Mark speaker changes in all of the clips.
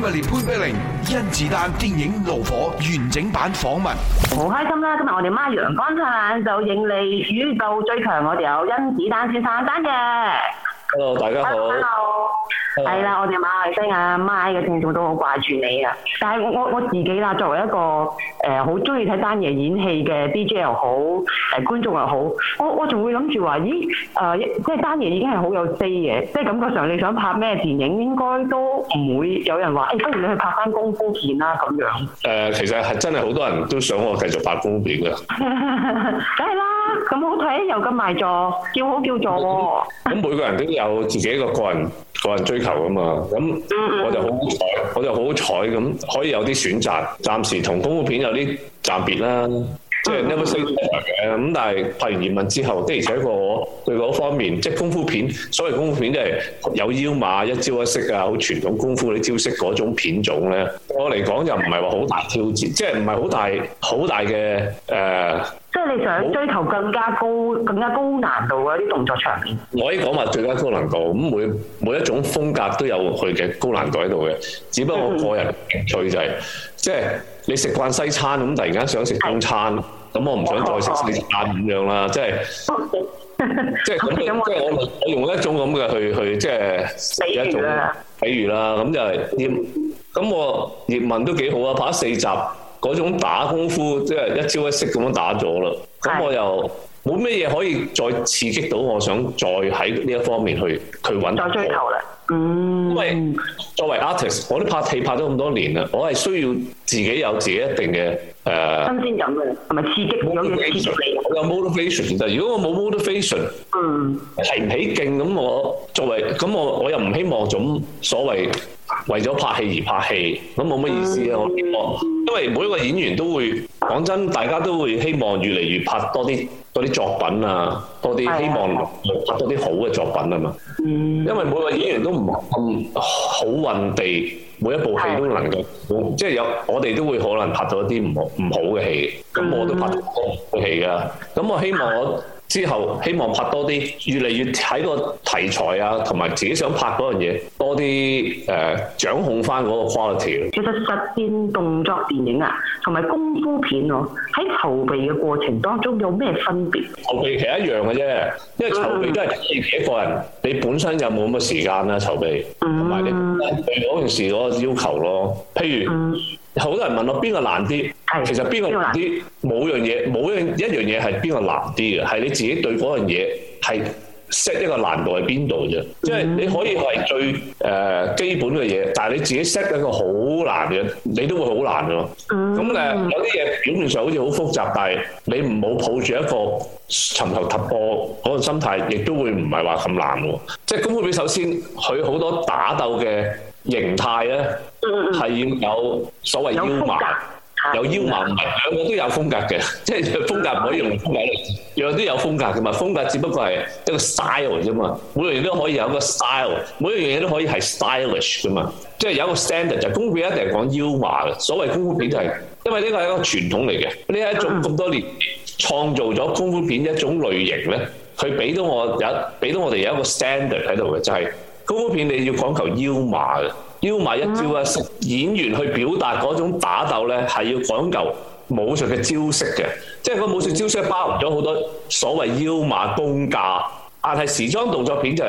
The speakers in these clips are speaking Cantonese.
Speaker 1: 潘美玲、甄子丹電影《怒火》完整版訪問，
Speaker 2: 好開心啦！今日我哋媽陽光燦爛，就迎嚟宇宙最強，我哋有甄子丹先生單嘅。hello，大家好。hello，係啦，我哋馬來西亞麥嘅聽眾都好掛住你啊！但係我我我自己啦，作為一個誒好中意睇丹爺演戲嘅 DJ 又好，誒、呃、觀眾又好，我我仲會諗住話，咦誒、呃，即係丹爺已經係好有 say 嘅，即係感覺上你想拍咩電影，應該都唔會有人話，誒、欸、不如你去拍翻功夫片啦咁樣。
Speaker 1: 誒、呃，其實係真係好多人都想我繼續拍功夫片㗎。
Speaker 2: 梗係啦，咁好睇，又咁賣座，叫好叫座喎、啊。
Speaker 1: 咁、嗯嗯嗯、每個人都有。 有自己一個個人個人追求噶嘛，咁我就好彩，我就好彩咁可以有啲選擇，暫時同功夫片有啲暫別啦，即係 never say never 嘅。咁但係拍完葉問之後，的而且確我對嗰方面，即係功夫片，所謂功夫片即係有腰馬一招一式啊，好傳統功夫嗰啲招式嗰種片種咧，對我嚟講又唔係話好大挑戰，即係唔係好大好大嘅誒。呃
Speaker 2: 即係你想追求更加高、更加高難度嗰啲動作場
Speaker 1: 面？我可以講話最佳高難度咁，每每一種風格都有佢嘅高難度喺度嘅。只不過我個人趣就係、是，即、就、係、是、你食慣西餐咁，突然間想食中餐，咁我唔想再食西餐咁樣啦。即係即係咁，我、就是、 這 我用一種咁嘅去去，即係有一種，比如啦，咁就係葉咁我葉問都幾好啊，拍咗四集。嗰種打功夫即係一招一式咁樣打咗啦，咁我又冇咩嘢可以再刺激到，我想再喺呢一方面去去揾。再追求咧，嗯。因為作為 artist，我都拍戲拍咗咁多年啦，我係需要自己有自己一定嘅誒、呃、新鮮感嘅，係咪刺激到有嘢刺我有 motivation，但係如果我冇 motivation，嗯，提唔起勁咁，我作為咁我我又唔希望種所謂。為咗拍戲而拍戲，咁冇乜意思啊！我希望因為每一個演員都會講真，大家都會希望越嚟越拍多啲多啲作品啊，多啲希望拍多啲好嘅作品啊嘛、嗯。因為每個演員都唔係咁好運地，每一部戲都能夠，即、嗯、係、就是、有我哋都會可能拍到一啲唔好唔好嘅戲。咁我都拍到好嘅戲噶，咁我希望我。之後希望拍多啲，越嚟越睇個題材啊，同埋自己想拍嗰樣嘢，多啲誒、呃、掌控翻嗰個 quality。其
Speaker 2: 實實戰動作電影啊，同埋功夫片我、啊、喺籌備嘅過程當中有咩
Speaker 1: 分別？籌備其實一樣嘅啫，因為籌備都係自己一個人，你本身有冇咁嘅時間咧、啊、籌備，同埋你對嗰件事嗰個要求咯，譬如。嗯嗯。好多人問我邊個難啲，其實邊個難啲？冇樣嘢，冇一一樣嘢係邊個難啲嘅，係你自己對嗰樣嘢係識一個難度喺邊度啫。即、嗯、係、就是、你可以係最誒基本嘅嘢，但係你自己識一個好難嘅，你都會好難㗎。咁、嗯、誒有啲嘢表面上好似好複雜，但係你唔好抱住一個尋求突破嗰個心態，亦都會唔係話咁難喎。即係功夫片首先佢好多打鬥嘅。形態咧，係要有所謂腰馬，有腰馬唔係，兩個都有風格嘅，即係風格唔可以用風格嚟形容，樣樣都有風格嘅嘛。風格只不過係一個 style 啫嘛，每樣嘢都可以有個 style，每樣嘢都可以係 stylish 嘅嘛。即係有一個 standard 就功夫片一定係講腰馬嘅，所謂功夫片就係因為呢個係一個傳統嚟嘅，呢一種咁多年創造咗功夫片一種類型咧，佢俾到我有俾到我哋有一個 standard 喺度嘅，就係。功夫片你要講求腰馬嘅，腰馬一招啊、嗯，演員去表達嗰種打鬥咧係要講究武術嘅招式嘅，即係個武術招式包含咗好多所謂腰馬功架。但係時裝動作片就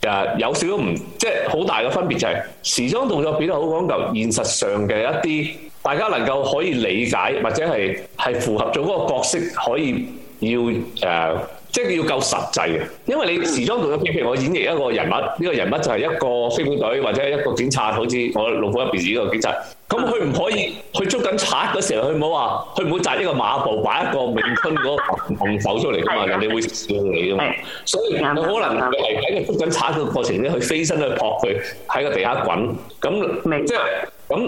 Speaker 1: 就有少少唔，即係好大嘅分別就係時裝動作片係好講究現實上嘅一啲大家能夠可以理解或者係係符合咗嗰個角色可以要誒。呃即係要夠實際嘅，因為你時裝度有片，譬如我演繹一個人物，呢個人物就係一個飛虎隊或者一個警察，好似我怒火入邊演嘅呢個警察。咁佢唔可以，去捉緊賊嘅時候，佢唔好話，佢唔會扎呢個馬步，擺一個詠春嗰個防守出嚟噶嘛，人哋會笑你噶嘛。所以你可能係喺個捉緊賊嘅過程咧，佢飛身去撲佢，喺個地下滾。咁即係咁，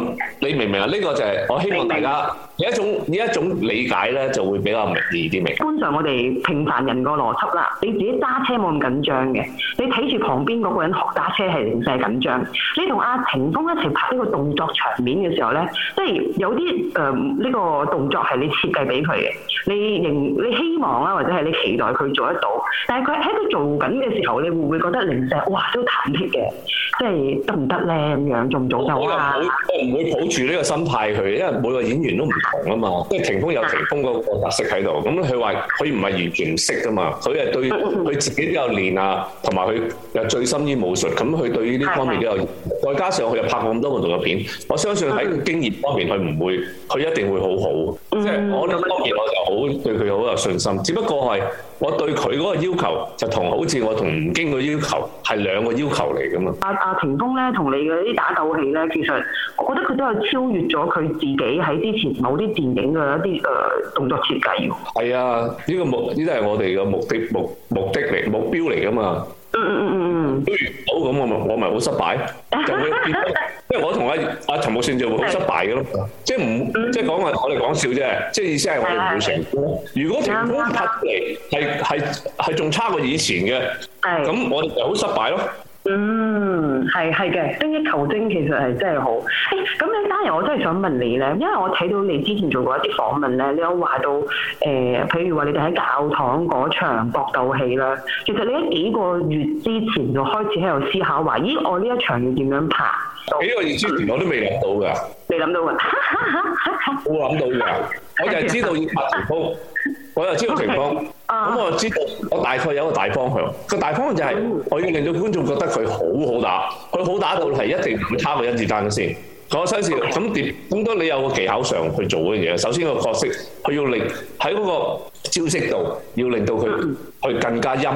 Speaker 1: 你明唔明啊？呢、這個就係、是、我希望大家有一種呢一種理解咧，就會比較明瞭啲明。通常我哋平凡人個邏
Speaker 2: 輯啦，你自己揸車冇咁緊張嘅，你睇住旁邊嗰個人學揸車係真係緊張。你同阿霆鋒一齊拍呢個動作場面嘅時候咧，即係有啲誒呢個動作係你設計俾佢嘅，你認你希望啊，或者係你期待佢做得到，但係佢喺度做緊嘅時候，你會唔會覺得零舍哇都忐忑嘅，即係得唔得咧咁樣，做唔做到啊？我唔會抱住
Speaker 1: 呢個心態去，因為每個演員都唔同啊嘛，即係霆鋒有霆鋒嗰個特色喺度，咁佢話佢唔係完全唔識噶嘛，佢係對佢自己都有練啊，同埋佢又醉心於武術，咁佢對於呢方面都有。再加上佢又拍過咁多唔同嘅片，我相信喺。經驗方面，佢唔會，佢一定會好好。嗯、即係，我覺得當然，我就好對佢好有信心。只不過係，我對佢嗰個要求，就同好似我同吳京嘅要求係兩個要求嚟噶嘛。阿
Speaker 2: 阿霆鋒咧，同、啊、你嘅啲打鬥戲咧，其實我覺得佢都係超越咗佢自己喺之前某啲電影嘅一啲誒、呃、動作
Speaker 1: 設計。係啊，呢、這個目，呢都係我哋嘅目的目目的嚟目標嚟噶嘛。嗯嗯嗯嗯嗯，不如好咁，我咪我咪好失敗，就會變、 啊啊。即係、嗯就是、我同阿阿陳木勝就會好失敗嘅咯。即係唔即係講啊，我哋講笑啫。即係意思係我哋唔會成功。如果成功拍出嚟，係係係仲差過以前嘅，咁我哋就好失敗咯。
Speaker 2: 嗯，係係嘅，精益求精其實係真係好。咁、哎、咧，單人我真係想問你咧，因為我睇到你之前做過一啲訪問咧，你有話到誒、呃，譬如話你哋喺教堂嗰場搏鬥戲啦。其實你喺幾個月之前就開始喺度思考話，咦，我呢一場要點樣拍？幾個
Speaker 1: 月之前我都未諗到㗎，未諗到㗎，冇 諗到㗎，我就係知道要拍長風。我就知道情況，咁、okay. uh -huh. 我知道我大概有個大方向。個大方向就係、是、我要令到觀眾覺得佢好好打，佢好打到係一定唔會差過甄子丹先。講西那咁、個、跌，咁當你有個技巧上去做嗰樣嘢。首先個角色，佢要令喺嗰個。招式度要令到佢去更加陰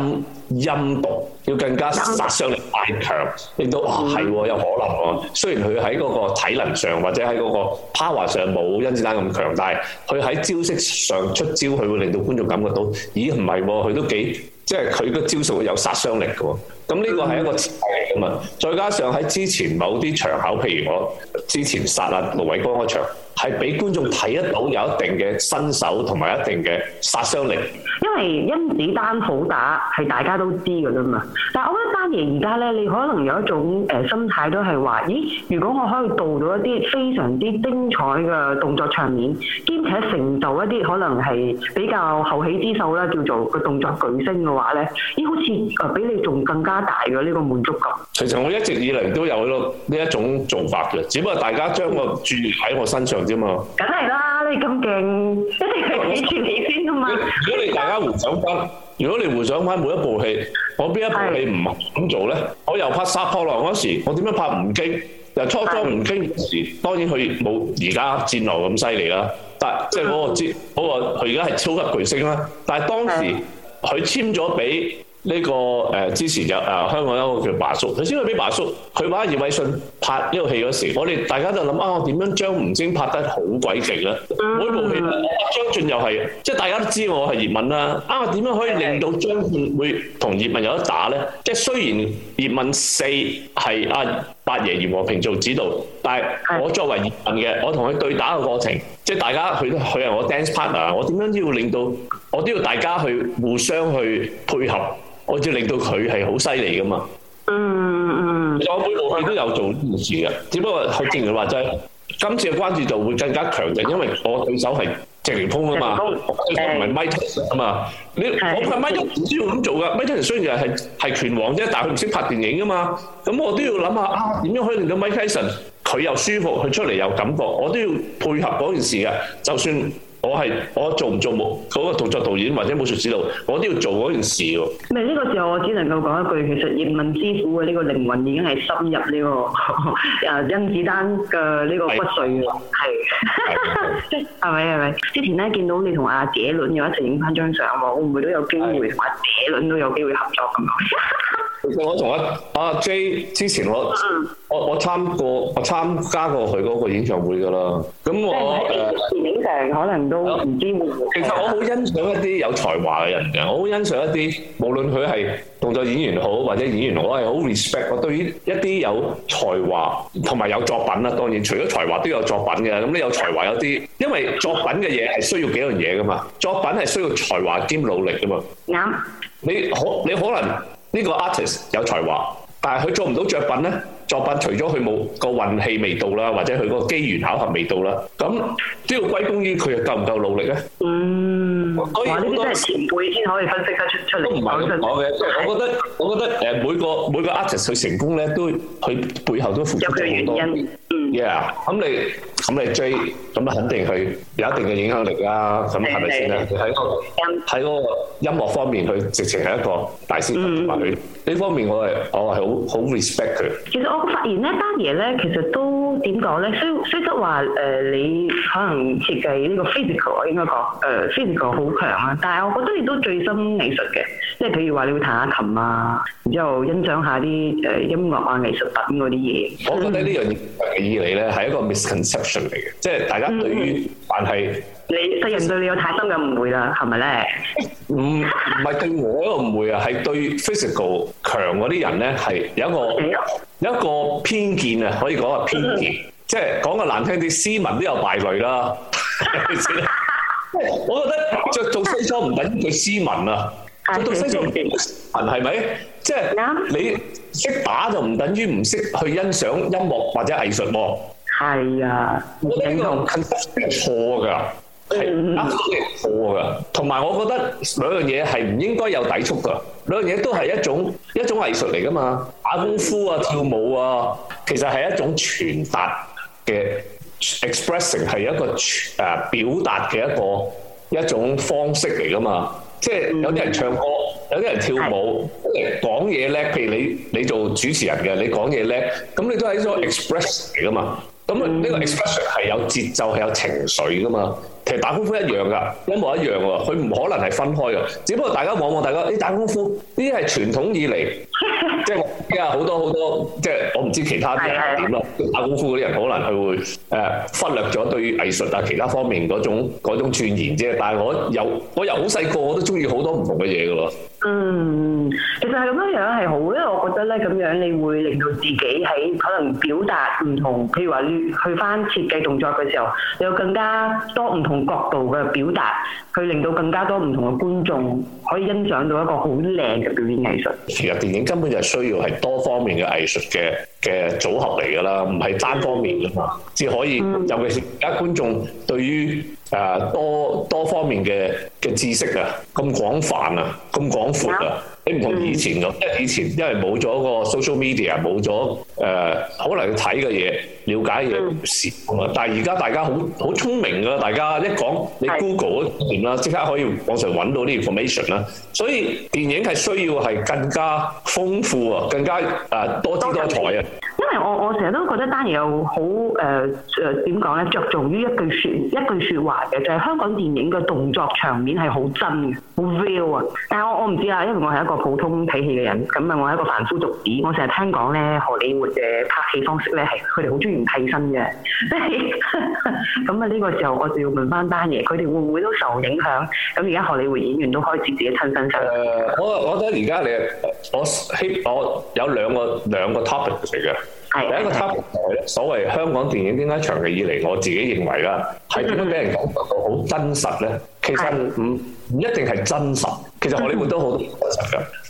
Speaker 1: 陰,陰毒，要更加殺傷力大強，令到啊係、哦、有可能喎。雖然佢喺嗰個體能上或者喺嗰個 power 上冇甄子丹咁強但係佢喺招式上出招，佢會令到觀眾感覺到，咦唔係喎，佢都幾即係佢個招數有殺傷力嘅喎。咁呢個係一個設計嚟㗎嘛。再加上喺之前某啲場口，譬如我之前殺啊盧偉光一場。係俾觀眾睇得到有一定嘅新手同埋一定嘅殺傷力。
Speaker 2: 因為甄子丹好打係大家都知㗎啦嘛。但係我覺得丹 a 而家咧，你可能有一種誒心態都係話：咦，如果我可以導到一啲非常之精彩嘅動作場面，兼且成就一啲可能係比較後起之秀啦，叫做個動作巨星嘅話咧，咦，好似誒比你
Speaker 1: 仲更加大嘅呢個滿足感。其實我一直以嚟都有呢呢一種做法嘅，只不過大家將個注喺我身上。咁啊！
Speaker 2: 梗係啦，你咁勁，一定係比住
Speaker 1: 你先啊嘛！如果你大家回想翻，如果你回想翻每一部戲，我邊一部戲唔咁做咧？的我又拍殺破狼嗰時候，我點樣拍吳京？由初初吳京時候，當然佢冇而家戰狼咁犀利啦。但即係嗰個，戰，嗰個佢而家係超級巨星啦。但係當時佢簽咗俾。呢、這個誒、呃、之前有誒、呃、香港有一個叫華叔，頭先佢俾華叔佢話葉偉信拍呢套戲嗰時候，我哋大家就諗啊，點樣將吳京拍得好鬼勁咧？呢部戲張晉又係，即係大家都知我係葉問啦。啊，點樣可以令到張晉會同葉問有得打咧？即係雖然葉問四係阿八爺葉和平做指導，但係我作為葉問嘅，我同佢對打嘅過程，即係大家佢都佢係我 dance partner 啊，我點樣都要令到我都要大家去互相去配合。我要令到佢係好犀利噶嘛？嗯嗯，左半部佢都有做呢件事嘅、嗯，只不過佢正如話齋，今次嘅關注就會更加強嘅，因為我對手係謝霆鋒啊嘛，佢唔係 Mike Tyson 啊嘛。你、嗯、我拍 Mike Tyson 唔需要咁做㗎，Mike Tyson、嗯、雖然又係拳王啫，但係佢唔識拍電影㗎嘛。咁我都要諗下點樣可以令到 Mike Tyson 佢又舒服，佢出嚟有感覺，我都要配合嗰件事嘅，就算。我係我做唔做冇，嗰個動作導演或者武術指導，我都要做嗰件事喎。
Speaker 2: 咪、這、呢個時候，我只能夠講一句，其實葉問之傅嘅呢個靈魂已經係深入呢、呢個啊甄 子丹嘅呢個骨髓㗎。係係係咪係咪？之前咧見到你同阿姐倫又一齊影翻張相喎，會唔會都有機會同阿姐倫都有機會合作咁啊？
Speaker 1: 其實我同阿阿 J 之前我、啊、我我參過我參加過佢嗰個演唱會㗎啦。咁我誒電影就可能都唔知。其實我好欣賞一啲有才華嘅人嘅，我好欣賞一啲無論佢係動作演員好或者演員好，我係好 respect 我對於一啲有才華同埋有,有作品啦。當然除咗才華都有作品嘅，咁你有才華有啲，因為作品嘅嘢係需要幾樣嘢㗎嘛。作品係需要才華兼努力㗎嘛。
Speaker 2: 啱。
Speaker 1: 你可你可能？呢個 artist 有才華，但係佢做唔到作品呢，作品除咗佢冇個運氣未到啦，或者佢嗰個機緣巧合未到啦，咁都要歸功於佢夠唔夠努力呢。哇！呢啲都係前輩先可以分析得出出嚟。唔係我嘅，我覺得我覺得誒每個每個 artist 佢成功咧，都佢背後都付出咗好多。原因，yeah, 嗯，嗯。y、嗯、咁你咁你追，咁啊肯定佢有一定嘅影響力啦。咁係咪先啊？係個原因，係個音樂方面，佢直情係一個大師級嘅，佢呢方面我，我係我係好好 respect 佢。
Speaker 2: 其實我發現呢單嘢咧，其實都。點講咧？雖雖則話誒，你可能設計呢個 physical 應該講誒，physical 好強啊。但係我覺得亦都最深藝術嘅，即係譬如話你會彈下琴啊，然之後欣賞下啲誒音樂啊、藝術品嗰啲嘢。我覺得你
Speaker 1: 呢樣嘢以嚟咧係一個 misconception 嚟嘅，即係大家對於、嗯、凡係。你對人對你有太深嘅誤會啦，係咪咧？唔唔係對我個誤會啊，係對 physical 強嗰啲人咧係有一個 有一個偏見啊，可以講係偏見， 即係講個難聽啲，斯文都有敗類啦。 我覺得著到西裝唔等於斯文啊， 到西裝唔等於斯文係咪？即係你識打就唔等於唔識去欣賞音樂或者藝術喎。係 啊，呢個錯㗎。 係啊，好啊，同埋我覺得兩樣嘢係唔應該有抵觸噶，兩樣嘢都係一種一種藝術嚟噶嘛。打功夫啊，跳舞啊，其實係一種傳達嘅 expressing，係一個誒表達嘅一個一種方式嚟噶嘛。即係有啲人唱歌，有啲人跳舞，誒講嘢叻，譬如你你做主持人嘅，你講嘢叻，咁你都係一種 express 嚟噶嘛。咁、嗯、呢、嗯呢個 expression 係有節奏，係有情緒噶嘛。其實打功夫一樣噶，一模一樣喎。佢唔可能係分開噶。只不過大家往往大家，你打功夫呢啲係傳統以嚟，即係我家下好多好多，即係我唔知其他啲人點咯。打功夫嗰啲 人， 人可能佢會誒忽略咗對藝術啊其他方面嗰種嗰種鑽研啫。但係我有我又好細個，我都中意好多唔同嘅嘢噶喎。
Speaker 2: 嗯，其實係咁樣樣係好，因為我覺得咧，咁樣你會令到自己喺可能表達唔同，譬如話你去翻設計動作嘅時候，有更加多唔同角度嘅表達，去
Speaker 1: 令到更加多唔同嘅觀眾可以欣賞到一個好靚嘅表演藝術。其實電影根本就係需要係多方面嘅藝術嘅嘅組合嚟㗎啦，唔係單方面㗎嘛，只可以、嗯、尤其是而家觀眾對於誒多多方面嘅嘅知識啊，咁廣泛啊，咁廣闊啊，你唔同以前咁，嗯、以前因為冇咗個 social media，冇咗誒好難去睇嘅嘢，了解嘅事、嗯啊。但係而家大家好好聰明㗎、啊，大家一講你 Google 啊掂啦，即刻可以網上揾到啲 information 啦。所以電影係需要係更加豐富啊，更加、呃、多姿多彩啊。
Speaker 2: 因為我我成日都覺得丹爺又好，誒、誒點講呢？着重於一句説一句説話嘅，就係、是、香港電影嘅動作場面係好真的。好 real 啊！但係我我唔知啊，因為我係一個普通睇戲嘅人，咁啊我係一個凡夫俗子。我成日聽講咧，荷里活嘅拍戲方式咧係佢哋好中意唔替身嘅，即係咁啊，呢個時候我就要問翻丹爺。佢哋會唔會都受影響？咁而家荷里活演員都開始自己親身上。誒，我覺得而家你
Speaker 1: 我希我有兩個兩個 topic 嚟嘅。第一個 t o p i 所謂香港電影點解長期以嚟我自己認為啦，係點麼俾人講到好真實呢？其實唔一定係真實。其實荷里活都好、嗯、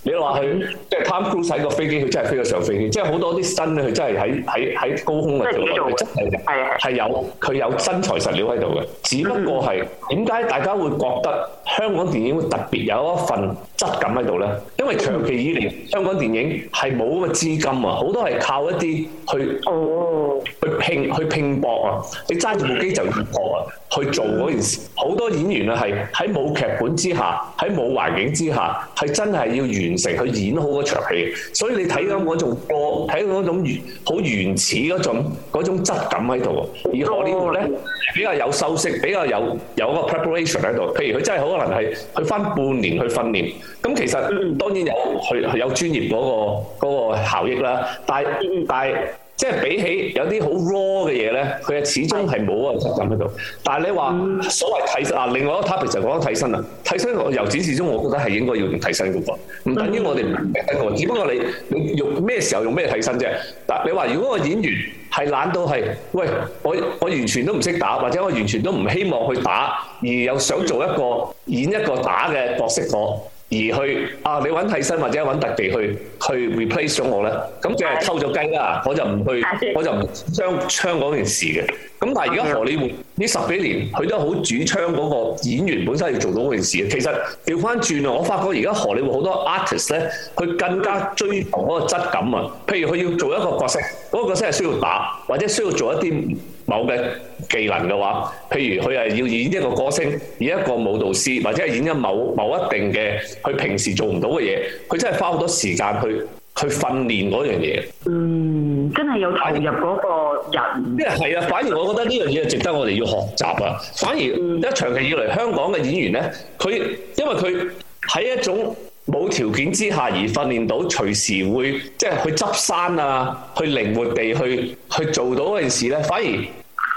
Speaker 1: 你話佢即係 Tom Cruise 使個飛機，佢真係飛咗上飛機，即係好多啲新，咧，佢真係喺喺喺高空度，做，真係係有佢有真材實料喺度嘅，只不過係點解大家會覺得香港電影會特別有一份質感喺度呢？因為長期以嚟香港電影係冇咁嘅資金啊，好多係靠一啲去、哦、去拼去拼搏啊，你揸住部機就搏啊、嗯，去做嗰件事，好多演員啊係喺冇劇本之下，喺冇環境影之下，係真係要完成佢演好嗰場戲，所以你睇到嗰種過，睇到嗰種好原始嗰種嗰種質感喺度。而我呢個咧比較有修飾，比較有秀色，比較有，有個 preparation 喺度。譬如佢真係可能係去翻半年去訓練。咁其實當然有佢有專業嗰、嗰個嗰個效益啦。但係但係。即係比起有啲好 raw 嘅嘢咧，佢係始終係冇個質感喺度。但係你話所謂替身啊，另外一個 topic 就講緊替身啦。替身我由始至終，我覺得係應該要用替身嘅噃。唔等於我哋唔明得個，只不過你你用咩時候用咩替身啫？嗱，你話如果個演員係懶到係，喂，我我完全都唔識打，或者我完全都唔希望去打，而又想做一個演一個打嘅角色我。而去啊！你揾替身或者揾特地去去 replace 咗我咧，咁就係偷咗雞啦！我就唔去，我就唔主張嗰件事嘅。咁但係而家荷里活呢十幾年，佢都好主張嗰個演員本身要做到嗰件事嘅。其實調翻轉啊，我發覺而家荷里活好多 artist 咧，佢更加追求嗰個質感啊！譬如佢要做一個角色，嗰個角色係需要打，或者需要做一啲某嘅技能嘅話，譬如佢係要演一個歌星，演一個舞蹈師，或者係演一某某一定嘅，佢平時做唔到嘅嘢，佢真係花好多時間去去訓練嗰樣嘢。嗯，
Speaker 2: 真係有投入嗰個人。即係啊，反而我覺得呢樣嘢值得
Speaker 1: 我哋要學習啊。反而，一長期以嚟香港嘅演員咧，佢因為佢喺一種冇條件之下而訓練到隨時會即係、就是、去執山啊，去靈活地去去做到嗰件事咧，反而。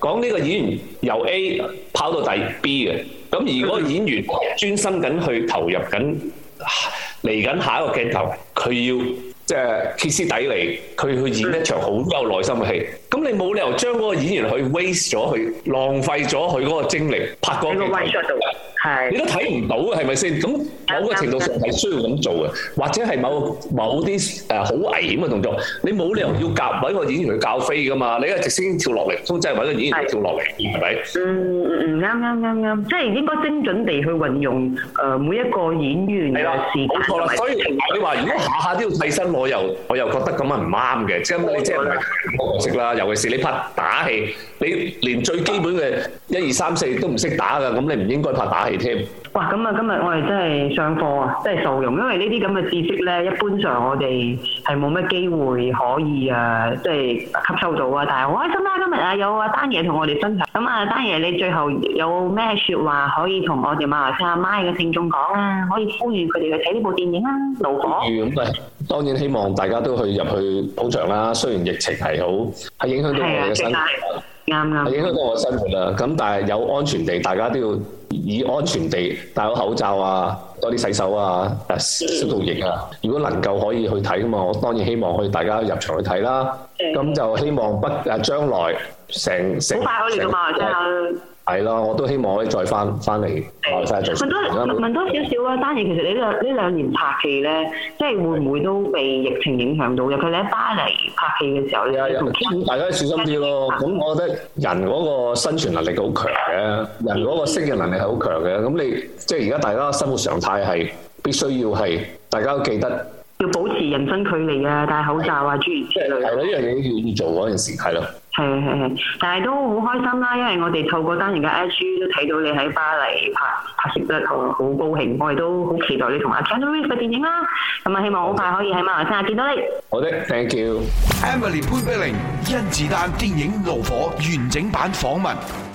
Speaker 1: 講呢個演員由 A 跑到第 B 嘅，咁如果演員專心緊去投入緊嚟緊下一個鏡頭，佢要即係歇斯底里，佢去演一場好有耐心嘅戲。咁你冇理由將嗰個演員去 waste 咗佢，浪費咗佢嗰個精力拍嗰個戲。喺度，係你都睇唔到嘅，係咪先？咁某個程度上係需要咁做嘅，或者係某某啲誒好危險嘅動作，你冇理由要夾揾個演員去教飛㗎嘛？你一直先跳落嚟，都真係揾個演員跳落嚟，係咪？
Speaker 2: 嗯啱啱啱啱，即係應該精準地去運用誒每一個演
Speaker 1: 員嘅時間。係啦、啊，冇錯啦，所以你話如果下下都要替身，我又我又覺得咁樣唔啱嘅，即係即係模式啦。就是尤其是你拍打戲，你連最基本嘅一二三四都唔識打噶，咁你唔應該拍打戲添。
Speaker 2: 哇！咁啊，今日我哋真係上課啊，真係受用，因為呢啲咁嘅知識咧，一般上我哋係冇乜機會可以啊，即係吸收到啊，但係好開心啦！今日啊，有阿丹爺同我哋分享。咁啊，丹爺，你最後有咩説話可以同我哋馬來西亞買嘅聽眾講啊？可以呼籲佢哋去睇呢部電影啊，怒
Speaker 1: 火？當然希望大家都去入去捧場啦，雖然疫情係好係影響到我嘅生活，啱啱係影響到我生活啦。咁但係有安全地，大家都要以安全地戴好口罩啊，多啲洗手啊，消毒液啊。如果能夠可以去睇嘅嘛，我當然希望可以大家入場去睇啦。咁就希望不誒將來成成成。係咯，我都希望可以再翻翻嚟。問多問
Speaker 2: 多少少啦，當然其實呢兩呢兩年拍戲咧，即係會唔會都被疫情影響到？因為你喺巴黎拍戲
Speaker 1: 嘅時候，大家小心啲咯。咁我覺得人嗰個生存能力好強嘅，人嗰個適應能力係好強嘅。咁你即係而家大家生活常態係必須要係，大家都記得
Speaker 2: 要保持人身距離啊，戴口罩啊，諸如即
Speaker 1: 係。係咯，呢樣嘢都要要做嗰陣時，係咯。
Speaker 2: 係係係，但係都好開心啦，因為我哋透過單人嘅 IG 都睇到你喺巴黎拍攝拍攝得好好高興，我哋都好期待你同阿 John Wick 嘅，嘅電影啦，咁啊希望好快可以喺馬來西亞見到你。好的，Thank you，Emely
Speaker 1: 潘碧玲，甄子丹電影怒火完整版訪問。